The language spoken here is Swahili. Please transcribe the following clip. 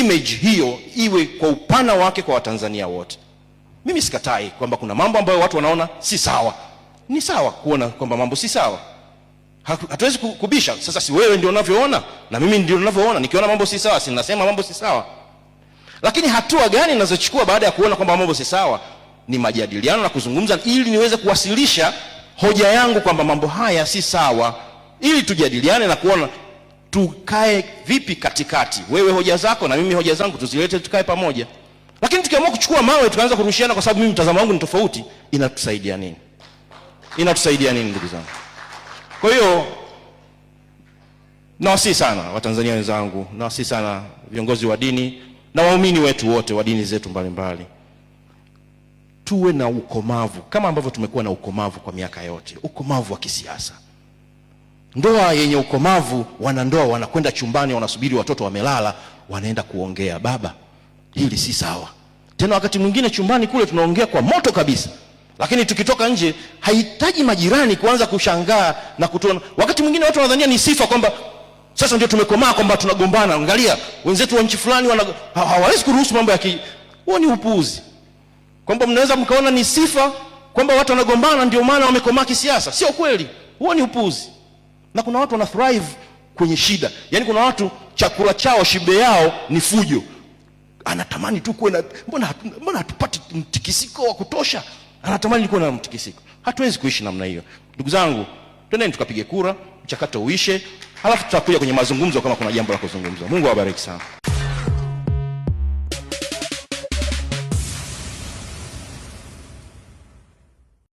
image hiyo iwe kwa upana wake kwa Watanzania wote. Mimi sikatai kwamba kuna mambo ambayo watu wanaona si sawa. Ni sawa kuona kwamba mambo si sawa, hatuwezi kubisha. Sasa si wewe ndio unavyoona na mimi ndio ninavyoona. Nikiona mambo si sawa, sinasema mambo si sawa, lakini hatua gani ninazochukua baada ya kuona kwamba mambo si sawa ni majadiliano na kuzungumza, ili niweze kuwasilisha hoja yangu kwamba mambo haya si sawa, ili tujadiliane na kuona tukae vipi katikati, wewe hoja zako na mimi hoja zangu, tuzilete tukae pamoja. Lakini tukiamua kuchukua mawe tukaanza kurushiana, kwa sababu mimi mtazamo wangu ni tofauti, inatusaidia nini? Inatusaidia nini, ndugu zangu? Kwa hiyo nawasihi sana Watanzania wenzangu, nawasihi sana viongozi wa dini na waumini wetu wote wa dini zetu mbalimbali mbali. Tuwe na ukomavu kama ambavyo tumekuwa na ukomavu kwa miaka yote, ukomavu wa kisiasa. Ndoa yenye ukomavu, wanandoa wanakwenda chumbani, wanasubiri watoto wamelala, wanaenda kuongea, baba, hili si sawa. Tena wakati mwingine chumbani kule tunaongea kwa moto kabisa, lakini tukitoka nje hahitaji majirani kuanza kushangaa na kutuona. Wakati mwingine watu wanadhania ni sifa kwamba sasa ndio tumekomaa kwamba tunagombana. Angalia wenzetu wa nchi fulani wana, hawawezi kuruhusu mambo ya ki. Huo ni upuuzi, kwamba mnaweza mkaona ni sifa kwamba watu wanagombana ndio maana wamekomaa kisiasa. Sio kweli, huo ni upuuzi na kuna watu wana thrive kwenye shida. Yaani kuna watu chakula chao shibe yao ni fujo, anatamani tu kuwe na, mbona mbona hatupati mtikisiko wa kutosha? Anatamani kuwe na mtikisiko. Hatuwezi kuishi namna hiyo, ndugu zangu. Twendeni tukapige kura, mchakato uishe, halafu tutakuja kwenye mazungumzo kama kuna jambo la kuzungumza. Mungu awabariki sana.